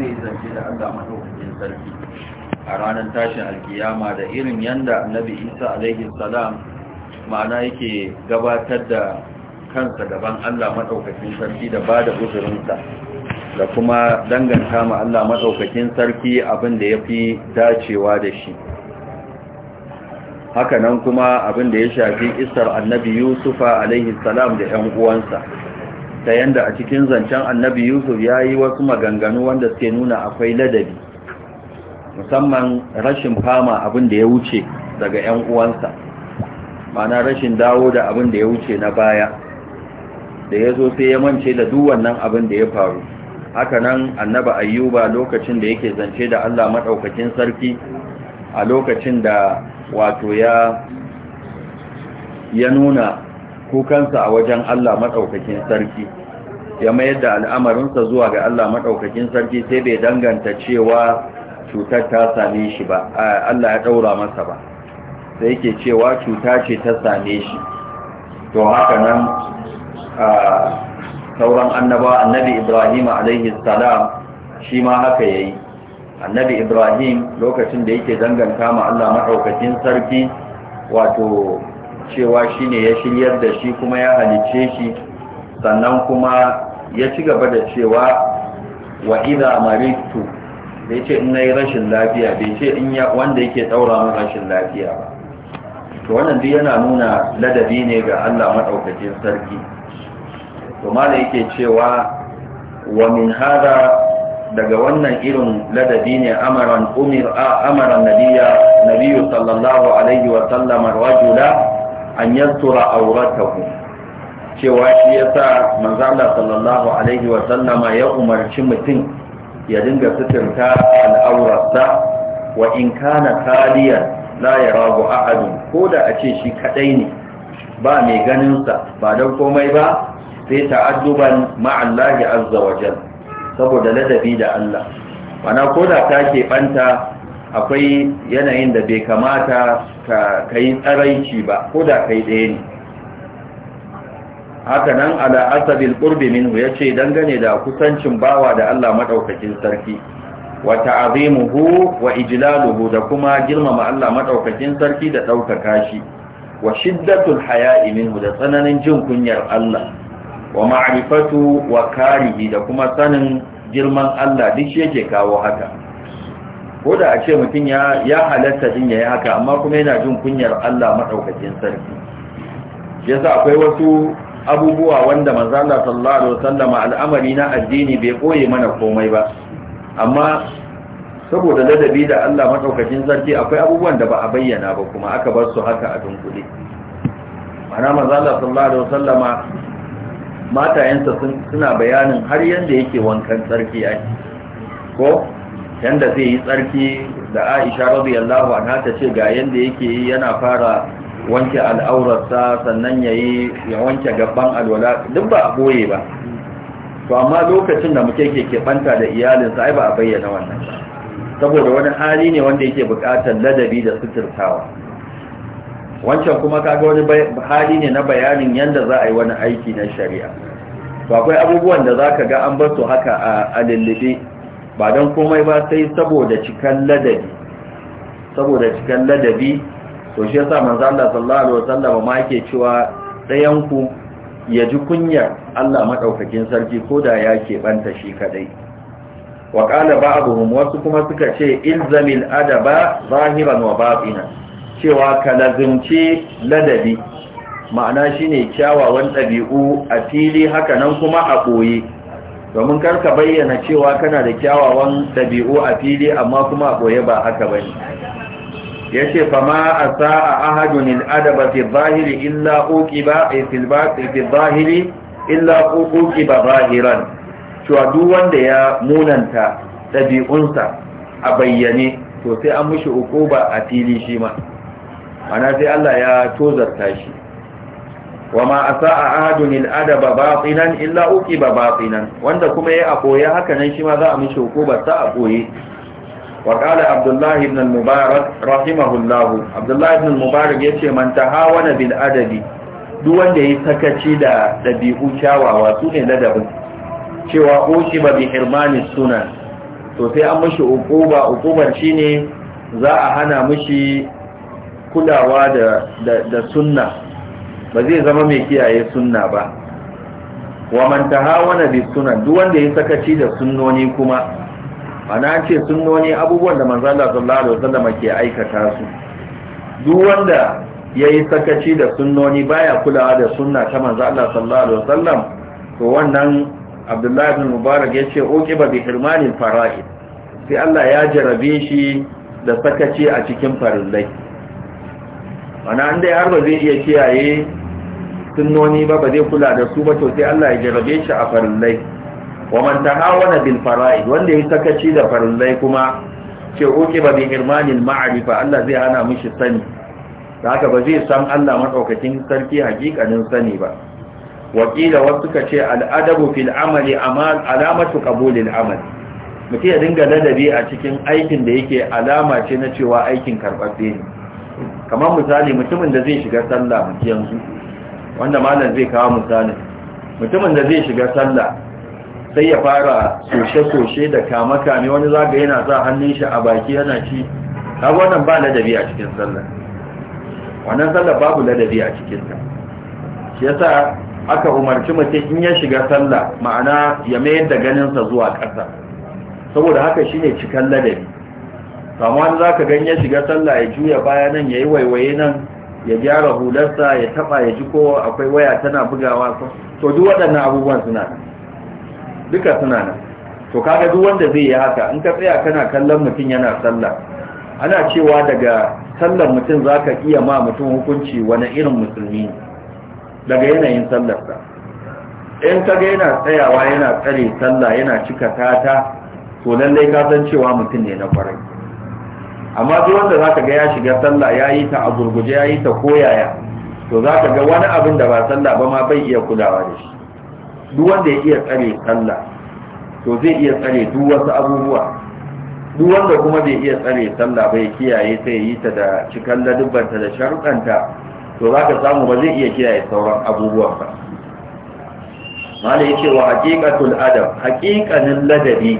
zai zance da Allah madaukakin sarki a ranar tashin alkiyama da irin yanda annabi Isa alaihi salam ma'ana yake gabatar da kansa gaban Allah madaukakin sarki da bada uzurinsa da kuma danganta ma Allah madaukakin sarki abin da yafi dacewa da shi haka nan kuma abin da ya shafi isar annabi Yusufa alaihi salam da ƴan uwansa ta yanda a cikin zancen annabi yusuf ya yi wasu maganganu wanda suke nuna akwai ladabi musamman rashin fama abin da ya wuce daga 'yan uwansa mana rashin dawo da abin da ya wuce na baya da ya zo sai ya mance da duk wannan abin da ya faru haka nan annaba ayyuba lokacin da yake zance da allah maɗaukakin sarki a lokacin da wato ya ya nuna kukansa a wajen allah maɗaukakin sarki ya mayar da al'amarinsa zuwa ga Allah maɗaukakin sarki sai bai danganta cewa cutar ta same shi ba Allah ya ɗaura masa ba sai yake cewa cuta ce ta same shi to haka nan sauran annaba annabi ibrahim alaihi salam shi ma haka yayi annabi ibrahim lokacin da yake danganta ma Allah maɗaukakin sarki wato cewa shine ya shiryar da shi kuma ya halicce shi sannan kuma ya ci gaba da cewa wa idha maritu bai ce in rashin lafiya bai ce in ya wanda yake daura min rashin lafiya ba to wannan duk yana nuna ladabi ne ga Allah madaukakin sarki to mala yake cewa wa min hada daga wannan irin ladabi ne amaran umir a amaran nabiya nabiyyu sallallahu alaihi wa sallam rajula an yastura auratahu cewa shi ya sa Manzana sallallahu alaihi wasallama ya umarci mutum ya dinga suturta al'aurarsa wa in kana kaliyar la ya ragu ahadun ko da a ce shi kadai ne ba mai ganinsa ba don komai ba sai ta'adduban ma'allahi azza wajal saboda ladabi da Allah mana ko da ta keɓanta akwai yanayin da bai kamata ka yi tsaraici ba ko da kai ɗaya ne haka nan ala asabil qurbi minhu yace dangane da kusancin bawa da Allah madaukakin sarki wa ta'zimuhu wa ijlaluhu da kuma girmama Allah maɗaukakin sarki da daukaka shi wa shiddatul haya'i minhu da tsananin jin kunyar Allah wa ma'rifatu wa karihi da kuma sanin girman Allah duk yake kawo haka ko da a ce mutum ya ya halatta din yayi haka amma kuma yana jin kunyar Allah maɗaukakin sarki yasa akwai wasu abubuwa wanda manzala sallallahu alaihi wasallama al'amari na addini bai koye mana komai ba amma saboda ladabi da Allah madaukakin sarki akwai abubuwan da ba a bayyana ba kuma aka bar su haka a dunkule ana manzala sallallahu alaihi wasallama matayensa suna bayanin har yanda yake wankan tsarki ai ko yanda zai yi tsarki da Aisha radiyallahu anha ta ce ga yanda yake yana fara wanke al'aurarsa sannan ya yi ya wanke gaban alwala duk ba a boye ba to amma lokacin da muke ke keɓanta da iyalinsa ai ba a bayyana wannan saboda wani hali ne wanda yake buƙatar ladabi da suturtawa wancan kuma kaga wani hali ne na bayanin yadda za a yi wani aiki na shari'a to akwai abubuwan da za ka ga an bar su haka a lullube ba don komai ba sai saboda cikan ladabi saboda cikan ladabi to shi yasa manzo Allah sallallahu alaihi wasallam ma yake cewa ɗayan ku ya ji kunyar Allah madaukakin sarki koda ya banta shi kadai wa qala ba'dhum wasu kuma suka ce ilzamil adaba zahiran wa batinan cewa ka ladabi ma'ana shine kyawawan ɗabi'u a fili haka nan kuma a ɓoye domin kar ka bayyana cewa kana da kyawawan ɗabi'u a fili amma kuma a ɓoye ba haka bane ya ce fama a sa'a ahadun adaba fi zahiri illa ƙoƙi ba fi zahiri illa uki ba zahiran cewa wanda ya munanta ɗabi'unsa a bayyane to sai an mushi uku ba a fili shi ma mana sai Allah ya tozarta shi wa a sa'a ahadun adaba batsinan illa ƙoƙi ba batsinan wanda kuma ya a koya hakanan shi ma za a mushi uku ba sa a koye وقال عبد الله بن المبارك رحمه الله عبد الله بن المبارك يتي من تهاون بالأدب duk wanda ya sakaci da ɗabi'u kyawawa su ne ladabin cewa ƙoshi ba bi hirmani suna to sai an mashi ukuba ukubar shi za a hana mushi kulawa da sunna ba zai zama mai kiyaye sunna ba wa man tahawana bi sunan duk wanda ya sakaci da sunnoni kuma ana an ce sunnoni abubuwan da manzan da sallallahu alaihi ke aikata su duk wanda ya yi sakaci da sunnoni baya kulawa da sunna ta manzan Allah sallallahu alaihi wasallam to wannan abdullahi bin mubarak ya ce ba bi hirmanil fara'id sai Allah ya jarabe shi da sakaci a cikin farillai ana an dai har ba zai iya kiyaye sunnoni ba ba zai kula da su ba to sai Allah ya jarabe shi a farillai wa man tahawana wanda ya sakaci da farillai kuma ce oke ba bi hirmanil ma'arifa Allah zai hana mishi sani da haka ba zai san Allah madaukakin sarki hakikanin sani ba wakila wasu ka ce al'adabu fil amali alamatu qabulil amali mutum ya dinga ladabi a cikin aikin da yake alama ce na cewa aikin karɓaɓɓe ne kamar misali mutumin da zai shiga sallah mutum yanzu wanda malam zai kawo misalin mutumin da zai shiga sallah sai ya fara soshe-soshe da kama-kame wani zaga yana za hannun shi a baki yana ci har wannan ba ladabi a cikin sallah wannan sallah babu ladabi a cikinta shi yasa aka umarci mutum in ya shiga sallah ma'ana ya mayar da ganinsa zuwa ƙasa saboda haka shine cikan ladabi amma wani za ka gan ya shiga sallah ya juya baya nan ya yi waiwaye nan ya gyara hularsa ya taɓa ya ji ko akwai waya tana bugawa to duk waɗannan abubuwan suna duka suna nan to kaga duk wanda zai yi haka in ka tsaya kana kallon mutum yana sallah ana cewa daga sallar mutum zaka iya ma mutum hukunci wani irin musulmi daga yanayin sallarsa in ka ga yana tsayawa yana tsare sallah yana cika tata to lallai ka san cewa mutum ne na kwarai amma duk wanda zaka ga ya shiga sallah yayi ta a gurguje yayi ta koyaya to zaka ga wani abin da ba sallah ba ma bai iya kulawa da shi duk wanda ya iya tsare sallah to zai iya tsare duk wasu abubuwa duk wanda kuma bai iya tsare sallah bai kiyaye sai yi ta da cikan ladubanta da sharuɗanta to za ka samu ba zai iya kiyaye sauran abubuwa ba mala ya ce wa haƙiƙatul adam haƙiƙanin ladabi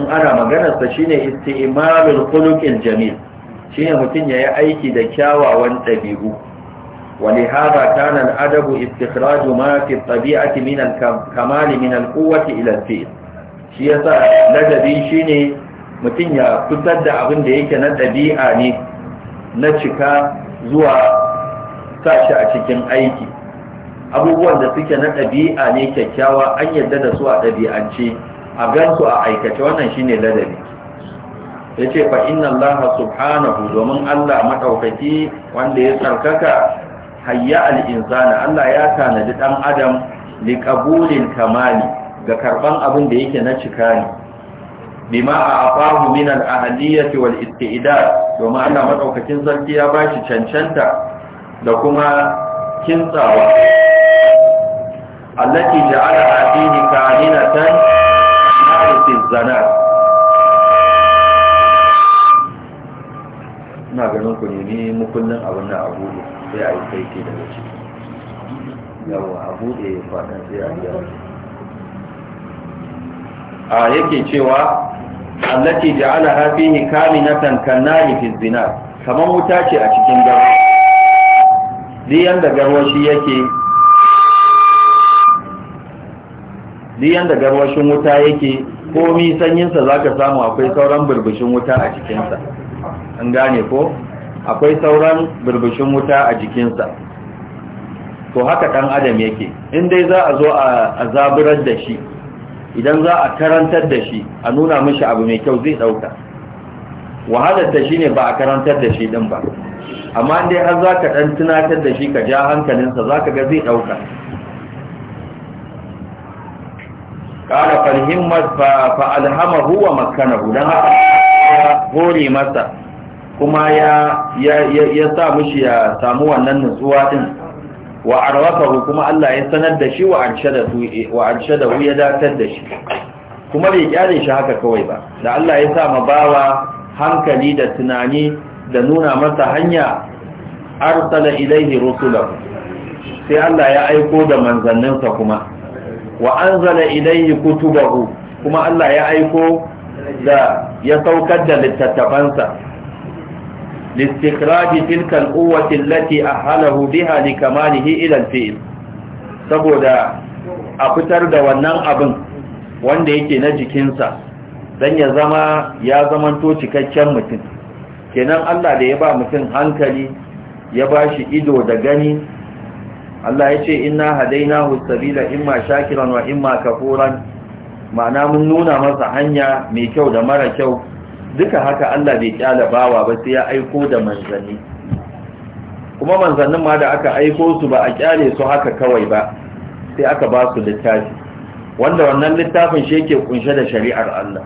in ana maganarsa shine isti'malul khuluqil jamil shine mutum yayi aiki da kyawawan ɗabi'u ولهذا كان الأدب استخراج ما في الطبيعة من الكمال من القوة إلى الفئل شيئا لدبي شيني mutum ya fitar da abin da yake na ɗabi'a ne na cika zuwa tashi a cikin aiki abubuwan da suke na ɗabi'a ne kyakkyawa an yarda da su a ɗabi'ance a gansu a aikace wannan shine ladabi ya ce fa inna allaha subhanahu domin allah maɗaukaki wanda ya tsarkaka hayya al'insana Allah ya tanadi ɗan adam likabulin kamali ga karɓan abin da yake na cika ne bima a afahu min fi wal isti'idar domin Allah maɗaukacin sarki ya ba shi cancanta da kuma kintsawa allati ja'ala ni kaninatan ma'rifin zanar ina ganin ku nemi mukullin abin nan a ne sai a yi kaiti daga ciki yawa a buɗe faɗin sai a yi a yake cewa allati ja'ala hafihi na kannari fi zina kamar wuta ce a cikin gaba ziyan da garwashi yake ziyan da garwashin wuta yake komi sanyinsa ka samu akwai sauran burbushin wuta a cikinsa an gane ko akwai sauran burbushin wuta a jikinsa to haka ɗan adam yake in dai za a zo a zaburar da shi idan za a karantar da shi a nuna mishi abu mai kyau zai ɗauka wahalarta shi ne ba a karantar da shi ɗin ba amma dai har za ka ɗan tunatar da shi ka ja hankalinsa za ka ga zai ɗauka ƙara fa’alhama huwa wa makanahu don haka hore masa kuma ya ya sa mushi ya samu wannan nutsuwa din wa arwafahu kuma Allah ya sanar da shi wa anshadahu wa ya datar da shi kuma bai kyale shi haka kawai ba da Allah ya sa ma bawa hankali da tunani da nuna masa hanya arsala ilaihi rusula, sai Allah ya aiko da manzanninsa kuma wa anzala ilaihi kutubahu kuma Allah ya aiko da ya saukar da littattafansa Tilkan تلك القوة التي أحله بها لكماله إلى الفئل saboda a fitar da wannan abin wanda yake na jikinsa don ya zama ya zamanto cikakken mutum kenan Allah da ya ba mutum hankali ya ba shi ido da gani Allah ya ce inna hadainahu sabila imma shakiran wa imma kafuran ma'ana mun nuna masa hanya mai kyau da mara kyau duka haka Allah bai kyala bawa ba sai ya aiko da manzanni kuma manzannin ma da aka aiko su ba a kyale su haka kawai ba sai aka ba su littafi wanda wannan littafin shi yake kunshe da shari'ar Allah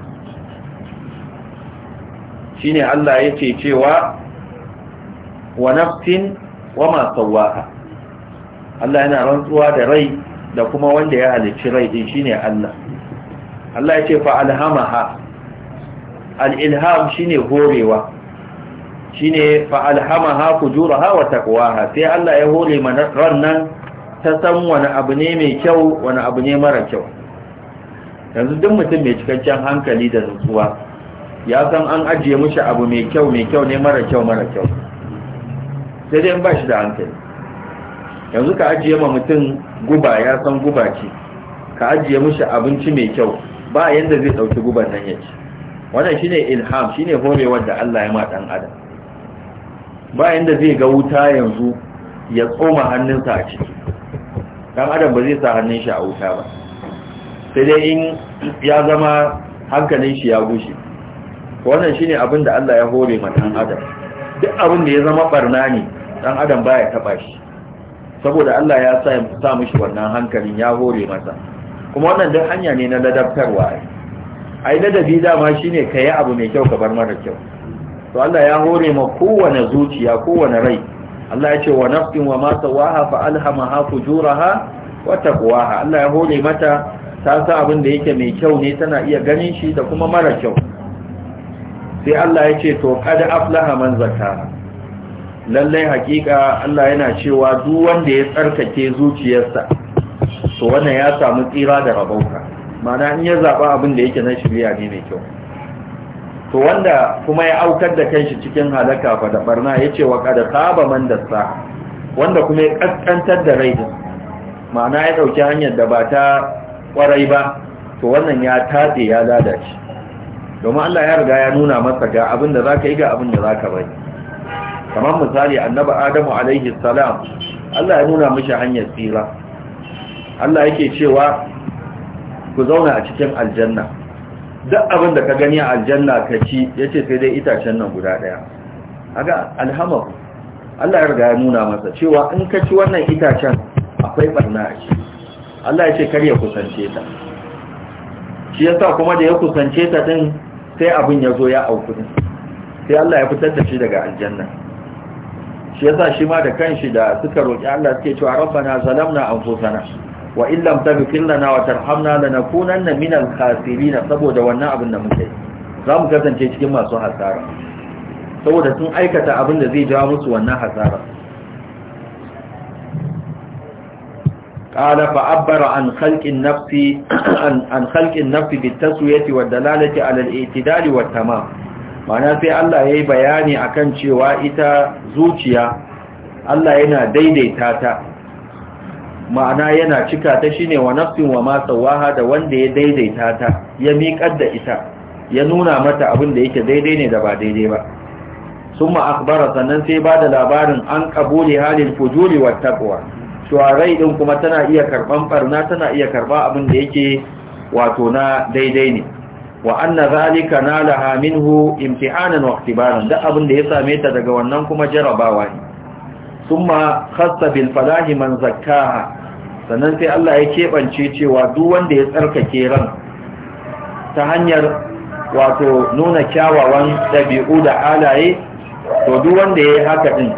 shine Allah yake cewa wa nafsin wa ma sawaha Allah yana rantsuwa da rai da kuma wanda ya halicci rai din shine Allah Allah yake fa alhamaha al-ilham shine horewa shine fa alhamaha fujuraha wa taqwaha sai Allah ya hore mana ran nan ta san wani abu ne mai kyau wani abu ne mara kyau yanzu duk mutum mai cikakken hankali da nutsuwa ya san an ajiye mishi abu mai kyau mai kyau ne mara kyau mara kyau sai dai ba shi da hankali yanzu ka ajiye ma mutum guba ya san guba ce ka ajiye mishi abinci mai kyau ba yanda zai dauki guban nan ya wannan shine ilham shine hore wanda Allah ya ma dan adam Ba inda zai ga wuta yanzu ya tsoma hannunsa a ciki dan adam ba zai sa hannun shi a wuta ba sai dai in ya zama hankalin shi ya gushe wannan shine abin da Allah ya hore ma dan adam duk abin da ya zama barna ne dan adam baya taba shi saboda Allah ya sa sa mishi wannan hankalin ya hore masa kuma wannan duk hanya ne na ladabtarwa ai ladabi dama shine kai abu mai kyau ka bar mara kyau to Allah ya hore ma kowane zuciya kowane rai Allah ya ce wa nafsin wa ma sawaha fa alhamaha fujuraha wa taqwaha Allah ya hore mata ta san abin da yake mai kyau ne tana iya ganin shi da kuma mara kyau sai Allah ya ce to kad aflaha man zakara lallai hakika Allah yana cewa duk wanda ya tsarkake zuciyarsa to wannan ya samu tsira da rabauka mana in ya zaɓa abin da yake na shirya ne mai kyau to wanda kuma ya aukar da kanshi cikin halaka fa da barna ya ce wa kada saba man da sa wanda kuma ya kaskantar da rai ma'ana ya ɗauki hanyar da ba ta kwarai ba to wannan ya tatse ya lada shi domin Allah ya riga ya nuna masa ga abin da zaka yi ga abin da zaka bari kamar misali annabi Adamu alaihi salam Allah ya nuna mishi hanyar tsira Allah yake cewa ku zauna a cikin aljanna duk abin da ka gani a aljanna ka ci yace sai dai itacen nan guda daya aga alhamahu Allah ya riga ya nuna masa cewa in ka ci wannan itacen akwai barna a shi Allah ya ce kar ya kusance ta shi yasa kuma da ya kusance ta din sai abin ya zo ya auku din sai Allah ya fitar da shi daga aljanna shi yasa shi ma da kanshi da suka roki Allah suke cewa rabbana zalamna anfusana wa illam taghfir lana wa tarhamna lanakunanna minal khasirin saboda wannan abin da muke za mu kasance cikin masu hasara saboda sun aikata abin da zai jawo musu wannan hasara قال an عن خلق النفس عن, عن خلق النفس بالتسويه والدلاله على الاعتدال والتمام ma'ana sai Allah ya yi bayani akan cewa ita zuciya Allah yana daidaita ta ma'ana yana cika ta shine wa nafsin wa ma da wanda ya daidaita ta ya miƙar da ita ya nuna mata abin da yake daidai ne da ba daidai ba summa akhbara sannan sai ba da labarin an qabuli halil fujuri wat taqwa shuwarai kuma tana iya karɓar barna tana iya karba abin da yake wato na daidai ne wa anna zalika nalaha minhu imtihanan wa ihtibaran duk abin da ya same ta daga wannan kuma jarabawa ne summa khassa bil falahi man zakkaha sannan sai Allah ya kebance cewa duk wanda ya tsarkake ran ta hanyar wato nuna kyawawan dabi'u da alaye, to duk wanda yayi haka din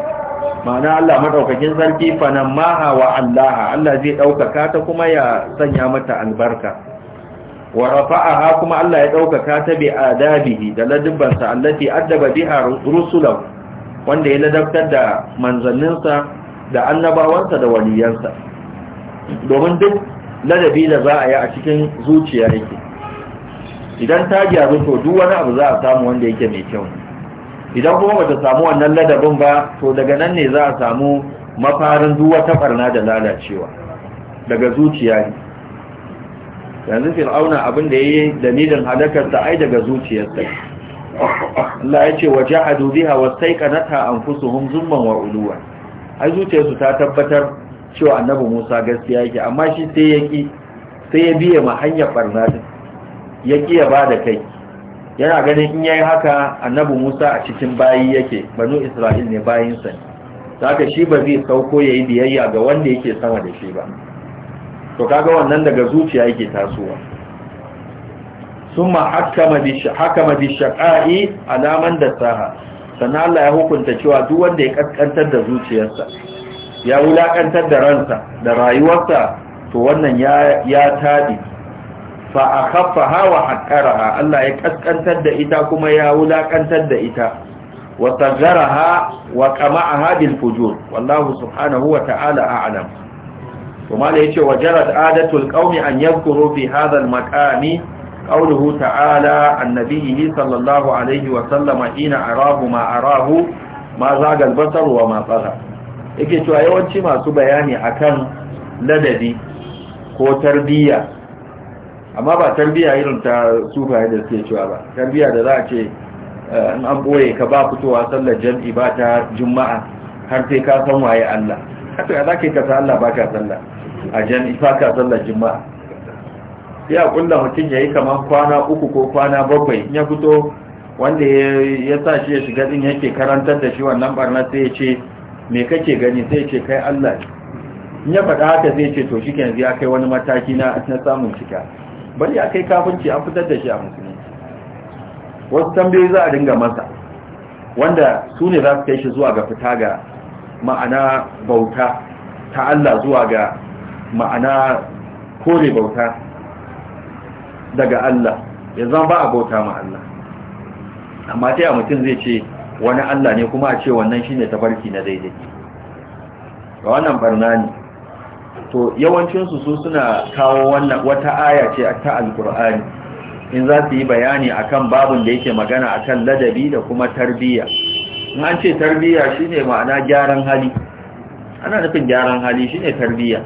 ma'ana Allah madaukakin sarki fanan maha wa Allah Allah zai daukaka ta kuma ya sanya mata albarka wa rafa'aha kuma Allah ya daukaka ta bi adabihi da ladabbansa allati addaba biha rusulahu wanda ya ladabtar da manzanninsa da annabawansa da waliyansa domin duk ladabi da za a yi a cikin zuciya yake idan ta gyaru to duk wani abu za a samu wanda yake mai kyau idan kuma bata samu wannan ladabin ba to daga nan ne za a samu mafarin duk wata barna da lalacewa daga zuciya ne yanzu fir'auna abin da ya yi dalilin halakarsa ai daga zuciyarsa Allah ya ce wa jahadu biha wastaiqanatha anfusuhum zulman wa uluwa ai zuciyarsu ta tabbatar cewa annabi Musa gaskiya yake amma shi sai yaki sai ya biye ma hanyar barna din yaki ya bada kai yana ganin in yayi haka annabi Musa a cikin bayi yake banu Isra'il ne bayin sa saka shi ba zai sauko yayi biyayya ga wanda yake sama da shi ba to kaga wannan daga zuciya yake tasowa ثم حكم بش حكم بالشقاء على من دساها sannan Allah ya hukunta cewa duk wanda ya kaskantar da zuciyarsa ya wulakantar da ransa da rayuwarsa to wannan ya ya tabi fa akhaffaha wa haqqaraha Allah ya kaskantar da ita kuma ya wulakantar da ita wa tazaraha wa qama'aha bil fujur wallahu subhanahu wa ta'ala a'lam kuma da yace wajarat adatul qaumi an yadhkuru fi hadha al maqami قوله ta'ala عن نبيه صلى الله عليه وسلم حين أراه ما أراه ما زاغ البصر وما طغى yake cewa yawanci masu bayani akan ladabi ko tarbiyya amma ba tarbiyya irin ta sufaye da suke cewa ba tarbiyya da za ce an boye ka ba fitowa sallar jam'i ba ta juma'a har sai ka san waye Allah haka za ka yi ka san Allah sallah a jam'i ba sallar juma'a ya a kulla mutum ya yi kamar kwana uku ko kwana bakwai ya fito wanda ya sa shi ya shiga din yake karantar da shi wannan barna sai ya ce me kake gani sai ya ce kai Allah in ya faɗa haka zai ce to shi yanzu ya kai wani mataki na na samun cika bari a kai kafinci an fitar da shi a musulmi wasu tambayoyi za a dinga masa wanda su ne za su kai shi zuwa ga fita ga ma'ana bauta ta Allah zuwa ga ma'ana kore bauta daga Allah ya zama ba a bauta ma Allah amma ta mutum zai ce wani Allah ne kuma a ce wannan shi ne tafarki na daidai ga wannan barna ne to yawancinsu su suna kawo wannan wata aya ce ta alkur'ani in za su yi bayani a kan babin da yake magana akan ladabi da kuma tarbiyya in an ce tarbiyya shine ma'ana gyaran hali ana nufin gyaran hali shine tarbiyya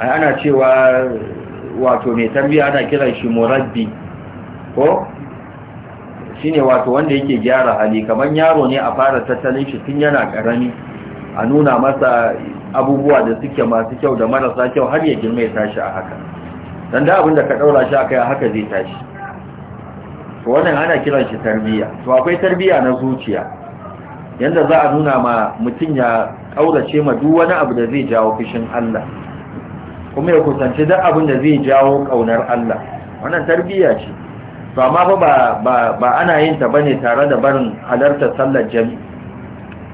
ana cewa wato mai tarbiya ana kiran shi murabbi ko shine wato wanda yake gyara hali kamar yaro ne a fara tattalin shi tun yana karami a nuna masa abubuwa da suke masu kyau da marasa kyau har ya girma ya tashi a haka dan da abin da ka daura shi akai haka zai tashi to wannan ana kiran shi tarbiya to akwai tarbiya na zuciya yanda za a nuna ma mutum ya kaurace ma duk wani abu da zai jawo fishin Allah kuma ya kusanci duk abin da zai jawo kaunar Allah wannan tarbiyya ce to amma fa ba ba ana yin ta bane tare da barin halartar sallar jami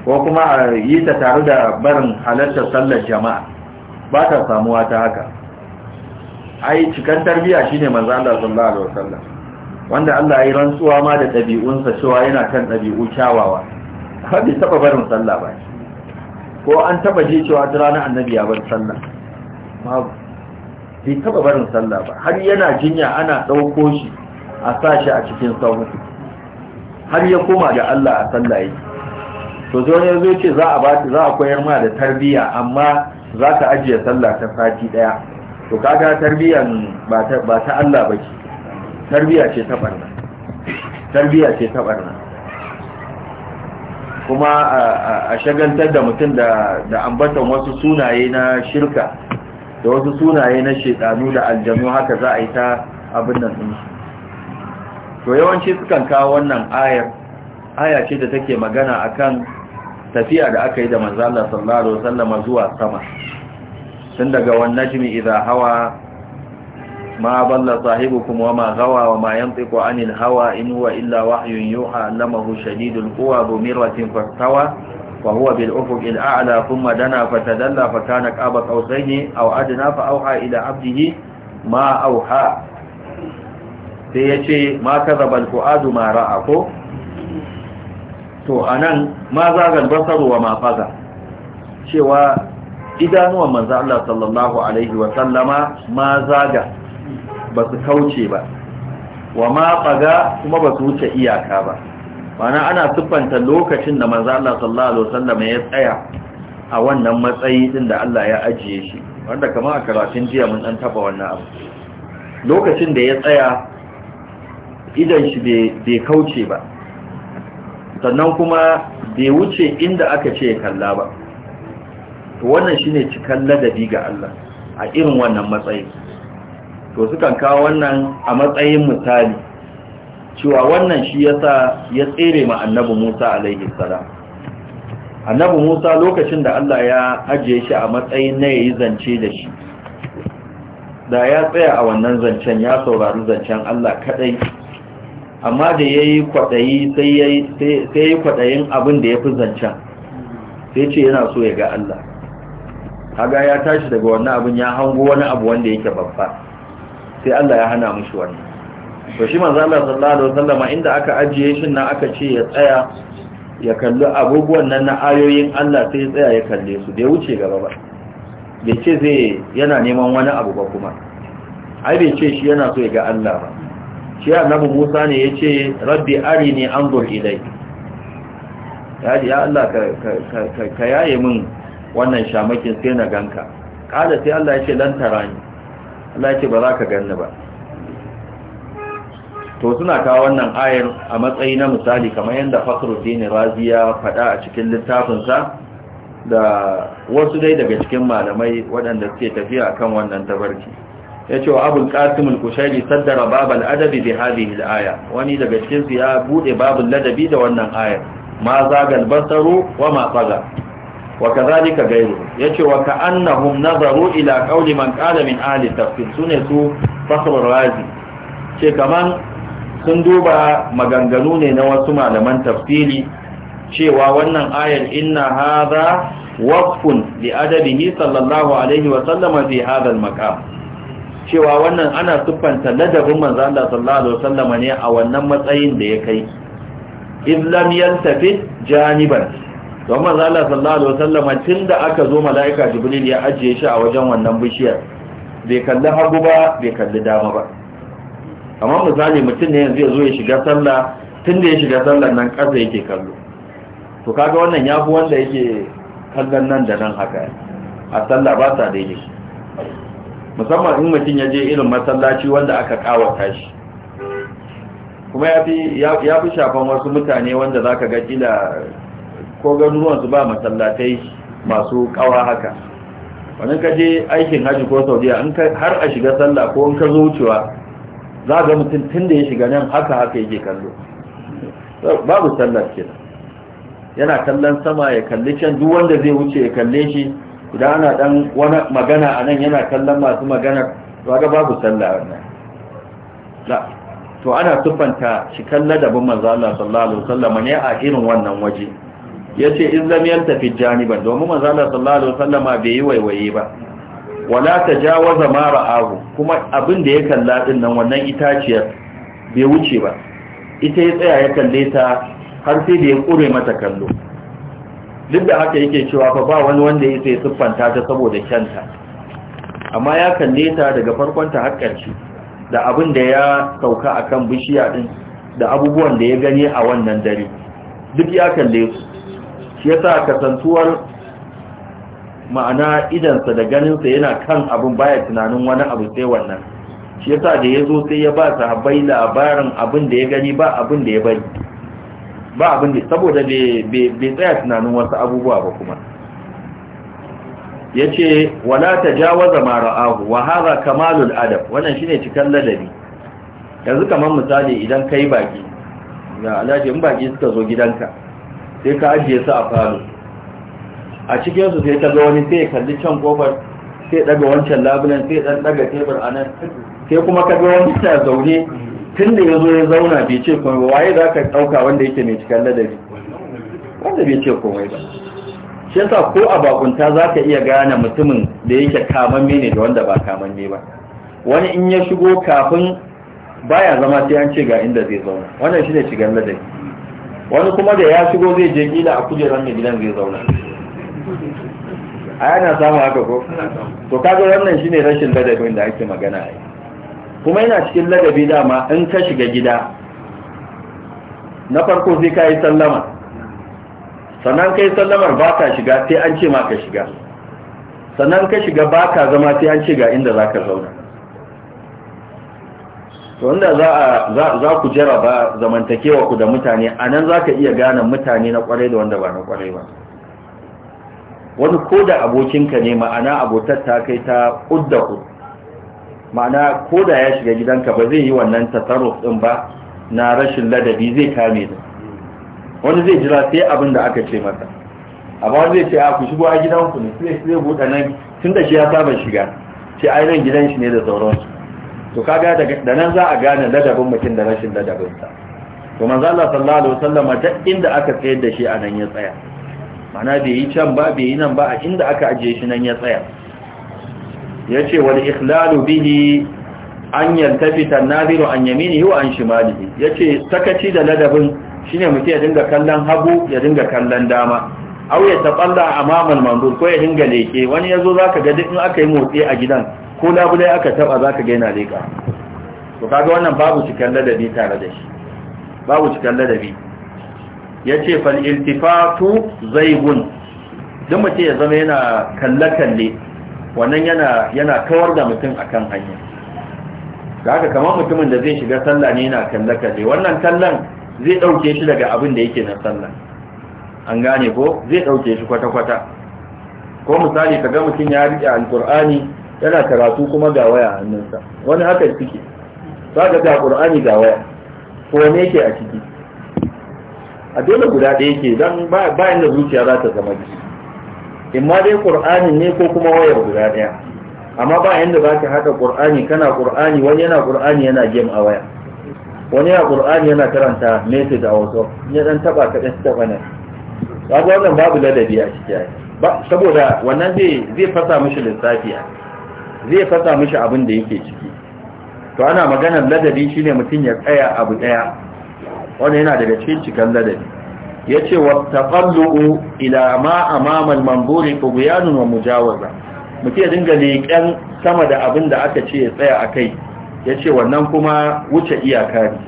ko kuma a yi ta tare da barin halartar sallar jama'a ba ta samuwa ta haka ai cikan tarbiyya shine manzo Allah sallallahu alaihi wasallam wanda Allah ya rantsuwa ma da tabi'unsa cewa yana kan tabi'u kyawawa har bai taba barin sallah ba ko an taba je cewa ranar annabi ya bar sallah babu bai taba barin sallah ba har yana jinya ana ɗauko shi a sashi a cikin sahu har ya koma ga Allah a sallah yake to zo ne zo ce za a ba za a koyar ma da tarbiyya amma za ka ajiye sallah ta sati daya to kaga tarbiyyan ba ta ba ta Allah bace tarbiyya ce ta barna tarbiyya ce ta barna kuma a shagantar da mutum da da wasu sunaye na shirka da wasu sunaye na shekanu da aljanu haka za a yi ta abin nan sun shi to yawanci sukan kawo wannan ayar aya ce da take magana a kan tafiya da aka yi da manzala sallallahu sallama zuwa sama tun daga wannan jimi idza hawa ma balla kuma wa ma gawa wa ma ko anil hawa inuwa illa illa wahyun yuha allamahu shadidul kowa domin ratin fastawa فهو بالأفق الأعلى ثم دنا فتدلى فكان قاب قوسين أو أدنى فأوحى إلى عبده ما أوحى سيشي ما كذب الفؤاد ما رأكو to anan ma zagan basar wa ma faza cewa idanuwan manzo sallallahu alaihi wa sallama ma zaga ba su kauce ba wa ma faga kuma ba su wuce iyaka ba mana ana siffanta lokacin da manzo Allah sallallahu alaihi wasallam ya tsaya a wannan matsayi din da Allah ya ajiye shi wanda kamar a karatun jiya mun dan taba wannan abu lokacin da ya tsaya idan shi bai kauce ba sannan kuma bai wuce inda aka ce kalla ba to wannan shine cikan ladabi ga Allah a irin wannan matsayi to sukan kawo wannan a matsayin misali cewa wannan shi yasa ya tsere ma annabi Musa alaihi salam annabi Musa lokacin da Allah ya ajiye shi a matsayin na yayi zance da shi da ya tsaya a wannan zancen ya saurari zancen Allah kadai amma da yayi kwadayi sai yayi sai yayi kwadayin abin da yafi zancen sai ce yana so ya ga Allah kaga ya tashi daga wannan abin ya hango wani abu wanda yake babba sai Allah ya hana mishi wannan to shi manzo Allah sallallahu alaihi wasallam inda aka ajiye shi nan aka ce ya tsaya ya kalli abubuwan nan na ayoyin Allah sai ya tsaya ya kalle su bai wuce gaba ba bai ce zai yana neman wani abu ba kuma ai bai ce shi yana so ya ga Allah ba shi annabi Musa ne ya ce rabbi arini anzur ilai ya ji ya Allah ka ka ka, ka yaye min wannan shamakin sai na ganka kada sai Allah ya ce lantara Allah ya ba za ka ganni ba to suna kawo wannan ayar a matsayi na misali kamar yadda fakhruddin razi ya faɗa a cikin littafinsa da wasu dai daga cikin malamai waɗanda suke tafiya kan wannan tabarki ce wa abul qasim al-kushairi saddara babal adabi da bi hadhihi aya wani daga cikin ya babul ladabi da wannan ayar ma zagal basaru wa ma taga wa kadhalika Ya yace wa ka'annahum nazaru ila kauli man qala min ahli tafsir sune su fakhrul razi ce kaman sun duba maganganu ne na wasu malaman tafsiri cewa wannan ayar inna hadha waqfun li adabihi sallallahu alaihi wa sallam fi hadha al-maqam cewa wannan ana siffanta ladabin manzo Allah sallallahu alaihi wa sallam ne a wannan matsayin da ya kai in lam yaltafit janiban don manzo Allah sallallahu alaihi wa sallam tunda aka zo malaika jibril ya ajiye shi a wajen wannan bishiyar bai kalli hagu ba bai kalli dama ba amma misali mutum ne yanzu ya zo ya shiga sallah tun da ya shiga sallar nan ƙasa yake kallo to kaga wannan ya fi wanda yake kallon nan da nan haka a sallah ba sa daidai musamman in mutum ya je irin masallaci wanda aka kawata shi kuma ya fi shafan wasu mutane wanda za ka ga kila ko ganuwansu ba masallatai masu kawa haka wani ka je aikin hajji ko saudiya har a shiga sallah ko in ka zo wucewa za ga mutum tun da ya shiga nan haka haka yake kallo babu sallar kenan yana kallon sama ya kalli can duk wanda zai wuce ya kalle shi idan ana dan wani magana a nan yana kallon masu magana to ga babu sallar wannan la to ana tufanta shi kalla da bin manzo Allah sallallahu alaihi wasallam ne a irin wannan waje yace in lam tafi janiban domin manzo Allah sallallahu alaihi wasallama bai yi waiwaye ba wala ta jawaza ma ra'ahu kuma abin da ya kalla din nan wannan itaciyar bai wuce ba ita ya tsaya ya kalle ta har sai da ya kure mata kallo duk da haka yake cewa fa ba wani wanda ya sai siffanta ta saboda kyanta amma ya kalle ta daga farkon ta har da abin da ya sauka akan bishiya din da abubuwan da ya gani a wannan dare duk ya kalle su shi yasa kasantuwar ma'ana idansa da ganinsa yana kan abin baya tunanin wani abu sai wannan shi yasa da ya zo sai ya ba habai labarin abin da ya gani ba abin da ya bari ba abin da saboda bai tsaya tunanin wasu abubuwa ba kuma ya ce wala ta jawaza mara'ahu wa haza kamalul adab wannan shine cikan ladabi yanzu kamar misali idan kai baki ga alaji in baki suka zo gidanka sai ka ajiye su a falo a cikin su sai ta ga wani sai kalli can kofar sai daga wancan labulan sai dan daga tebur anan sai kuma ka ga wani ta zaune tun da ya zo ya zauna bai ce kuma waye za ka ɗauka wanda yake mai cikin ladabi wanda bai ce komai ba shi yasa ko a bakunta za ka iya gane mutumin da yake me ne da wanda ba ne ba wani in ya shigo kafin baya zama sai an ce ga inda zai zauna wannan shi ne cikin ladabi wani kuma da ya shigo zai je kila a kujerar mai gidan zai zauna a yana samun haka ko to kaga wannan shine rashin ladabin da ake magana a kuma yana cikin ladabi dama in ka shiga gida na farko sai ka yi sallama sannan ka yi sallamar ba ka shiga sai an ce ma ka shiga sannan ka shiga ba ka zama sai an ce ga inda za ka zauna to inda za ku ba zamantakewa ku da mutane a nan za ka iya gane mutane na kwarai da wanda ba na kwarai ba wani ko da abokinka ne ma'ana abotar ta kai ta ƙuddaku ma'ana ko da ya shiga gidanka ba zai yi wannan tasarruf ɗin ba na rashin ladabi zai kame da wani zai jira sai abin da aka ce masa amma zai ce a ku shigo a gidanku ne sai sai buɗe nan tun da shi ya saba shiga ce a nan gidan shi ne da sauransu to kaga da nan za a gane ladabin mutum da rashin ladabinsa to manzo Allah sallallahu alaihi wasallam ta inda aka tsayar da shi a nan ya tsaya mana bai yi can ba bai yi nan ba a inda aka ajiye shi nan ya tsaya ya ce wani ikhlalu bihi an yantafita nabiru an yamini wa an shimali ya ce sakaci da ladabin shi ne mutum ya dinga kallon hagu ya dinga kallon dama au ya taɓalla a mamal mandur ko ya dinga leke wani ya zo za ka duk in aka yi motsi a gidan ko labulai aka taɓa za ka gaina leka to kaga wannan babu cikin ladabi tare da shi babu cikin ladabi ya ce fal'iltifatu zaigun don mace ya zama yana kalle-kalle wannan yana kawar da mutum a kan hanya da haka kamar mutumin da zai shiga sallah ne yana kalle-kalle wannan kallon zai ɗauke shi daga abin da yake na sallah an gane ko zai ɗauke shi kwata-kwata ko misali ka ga mutum ya riƙe alƙur'ani yana karatu kuma ga waya hannunsa wani haka suke za ka ga ƙur'ani ga waya ko ne ke a ciki a dole guda ɗaya ke don bayan da zuciya za ta zama biyu in ma dai ƙur'ani ne ko kuma wayar guda ɗaya amma bayan da za ka haɗa ƙur'ani kana ƙur'ani wani yana ƙur'ani yana game a waya wani yana ƙur'ani yana karanta message a wasu ya ɗan taɓa ka ɗan taɓa ne ba ga wannan babu ladabi a ciki a saboda wannan zai zai fasa mishi lissafi zai fasa mishi abin da yake ciki to ana maganar ladabi shine mutum ya tsaya abu ɗaya wannan yana daga cikin cikin ladabi yace wa taqallu ila ma amama al-manzuri tughyanun wa mujawaza mutum ya dinga leƙen sama da abin da aka ce ya tsaya akai yace wannan kuma wuce iyaka ne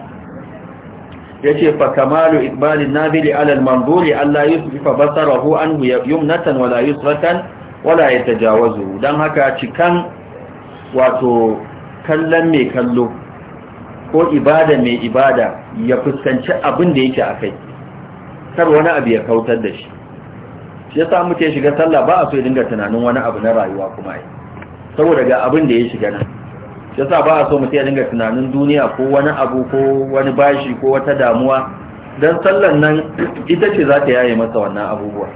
yace fa kamalu iqbalin nabili ala al-manzuri alla yusrifa basarahu anhu yumnatan wala yusratan wala yatajawazu dan haka cikan wato kallon mai kallo ko ibada mai ibada ya fuskanci abin da yake a kai kar wani abu ya kautar da shi shi yasa muke shiga sallah ba a so ya dinga tunanin wani abu na rayuwa kuma yi saboda ga abin da ya shiga nan shi yasa ba a so mutum ya dinga tunanin duniya ko wani abu ko wani bashi ko wata damuwa don sallar nan ita ce za ta yaye masa wannan abubuwa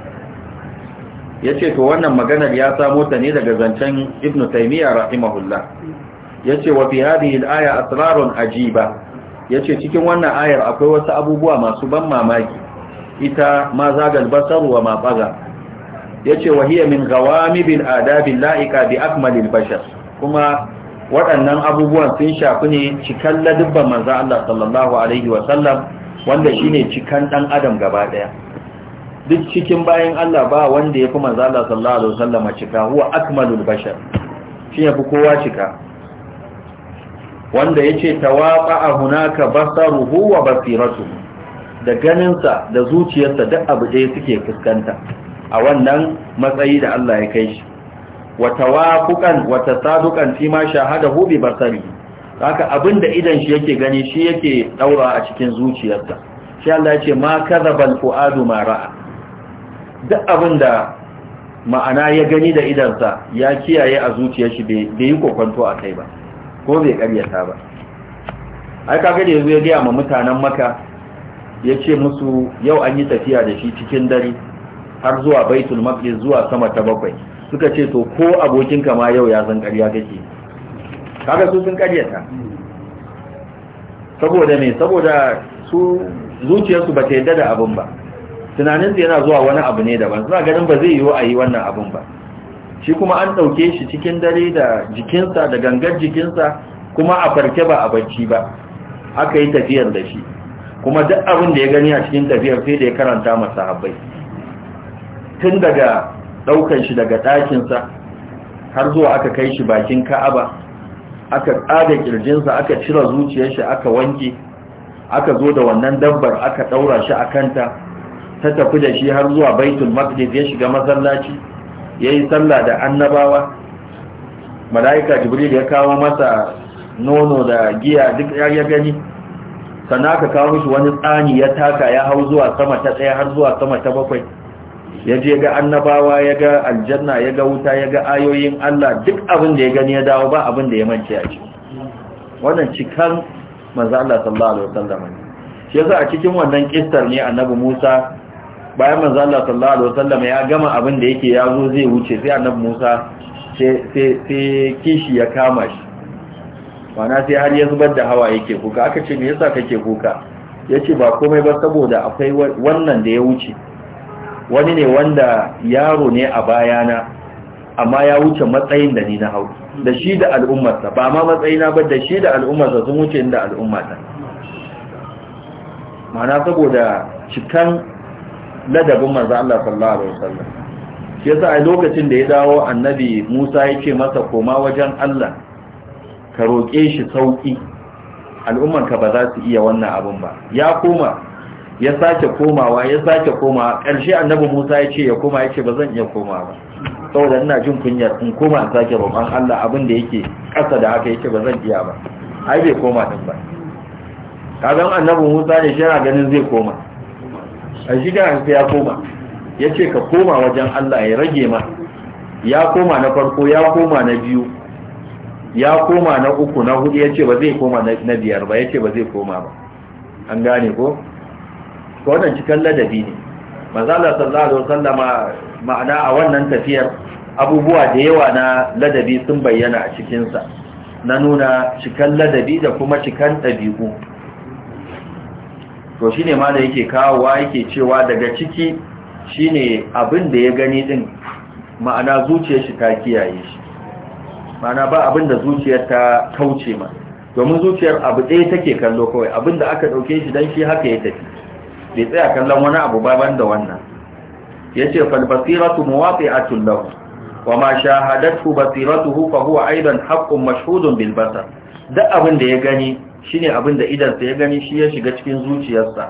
ya ce to wannan maganar ya samo ta ne daga zancen ibnu taymiya rahimahullah ce wa fi hadhihi al-aya asrarun Ya yace cikin wannan ayar akwai wasu abubuwa masu ban mamaki ita ma zagal basar wa ma baga yace wa hiya min bin adabin la'ika bi akmalil bashar kuma waɗannan abubuwan sun shafi ne cikan ladubban manzo Allah sallallahu alaihi wa sallam wanda ne cikan dan adam gaba ɗaya duk cikin bayan Allah ba wanda fi manzo Allah sallallahu alaihi wa cika huwa akmalul bashar shi fi kowa cika wanda yace a hunaka basaru wa basiratu, da ganinsa da zuciyarsa duk abu ɗaya suke fuskanta a wannan matsayi da Allah ya kai shi wata wata sadukan fi ma shahada hubi basari haka abinda idan shi yake gani shi yake daura a cikin zuciyarsa shi Allah ya ce ma kadhabal fuadu ma ra'a duk abinda ma'ana ya gani da idansa ya kiyaye a zuciyar shi bai yi kokonto a kai ba ko bai karyata ba ai kaga da yazo ya gaya ma mutanen maka ya ce musu yau an yi tafiya da shi cikin dare har zuwa baitul maqdis zuwa sama ta bakwai suka ce to ko abokinka ma yau ya zan karya kake kaga su sun ƙaryata saboda me saboda su zuciyarsu ba ta yadda da abin ba tunaninsu yana zuwa wani abu ne daban suna ganin ba zai yiwu a yi wannan abin ba shi kuma an ɗauke shi cikin dare da jikinsa da gangar jikinsa kuma a farke ba a bacci ba aka yi tafiyar da shi kuma duk abin da ya gani a cikin tafiyar sai da ya karanta masa habbai tun daga ɗaukan shi daga ɗakinsa har zuwa aka kai shi bakin ka'aba aka tsada ƙirjinsa aka cire zuciyar shi aka wanke aka zo da wannan dabbar aka ɗaura shi a kanta ta tafi da shi har zuwa baitul maqdis ya shiga masallaci ya yi sallah da annabawa mala'ika jibril ya kawo masa nono da giya duk ya gani sannan aka kawo mishi wani tsani ya taka ya hau zuwa sama ta ɗaya har zuwa sama ta bakwai ya je ga annabawa ya ga aljanna ya ga wuta ya ga ayoyin Allah duk abin da ya gani ya dawo ba abin da ya mance a ciki wannan cikan manzo Allah sallallahu alaihi wasallam ne shi yasa a cikin wannan kistar ne annabi Musa bayan manzo Allah sallallahu alaihi wasallam ya gama abin da yake yazo zai wuce sai annabi Musa sai kishi ya kama shi wana sai har ya zubar da hawa yake kuka aka ce me yasa kake kuka yace ba komai ba saboda akwai wannan da ya wuce wani ne wanda yaro ne a bayana amma ya wuce matsayin da ni na hau da shi da al'ummarsa ba ma matsayina ba da shi da al'ummarsa sun wuce inda al'ummata mana saboda cikan ladabin manzo Allah sallallahu alaihi wasallam shi yasa a lokacin da ya dawo annabi Musa ya ce masa koma wajen Allah ka roƙe shi sauki al'umman ka ba za su iya wannan abin ba ya koma ya sake komawa ya sake koma ƙarshe annabi Musa ya ce ya koma ya ce ba zan iya koma ba saboda ina jin kunyar in koma sake roƙon Allah abin da yake ƙasa da haka yake ba zan iya ba ai bai koma din ba kaga annabi Musa ne shi yana ganin zai koma a shi an ya koma ya ce ka koma wajen Allah ya rage ma ya koma na farko ya koma na biyu ya koma na uku na hudu ya ce ba zai koma na biyar ba ya ce ba zai koma ba an gane ko wannan cikin ladabi ne mazala sallallahu sallama ma'ana a wannan tafiyar abubuwa da yawa na ladabi sun bayyana a cikinsa na nuna cikin ladabi da kuma cikin ɗabi'u to shi ne ma da yake kawowa yake cewa daga ciki shi ne abin da ya gani din ma'ana zuciyar shi ta kiyaye shi ma'ana ba abin da zuciyar ta kauce ma domin zuciyar abu ɗaya take kallo kawai abin da aka ɗauke shi don shi haka ya tafi bai tsaya kallon wani abu ba banda wannan ya ce falbasiratu muwafi a tullahu wa ma shahadatu Basiratu fa huwa aidan haƙƙun mashhudun bil duk abin da ya gani ne abin da idansa ya gani shi ya shiga cikin zuciyarsa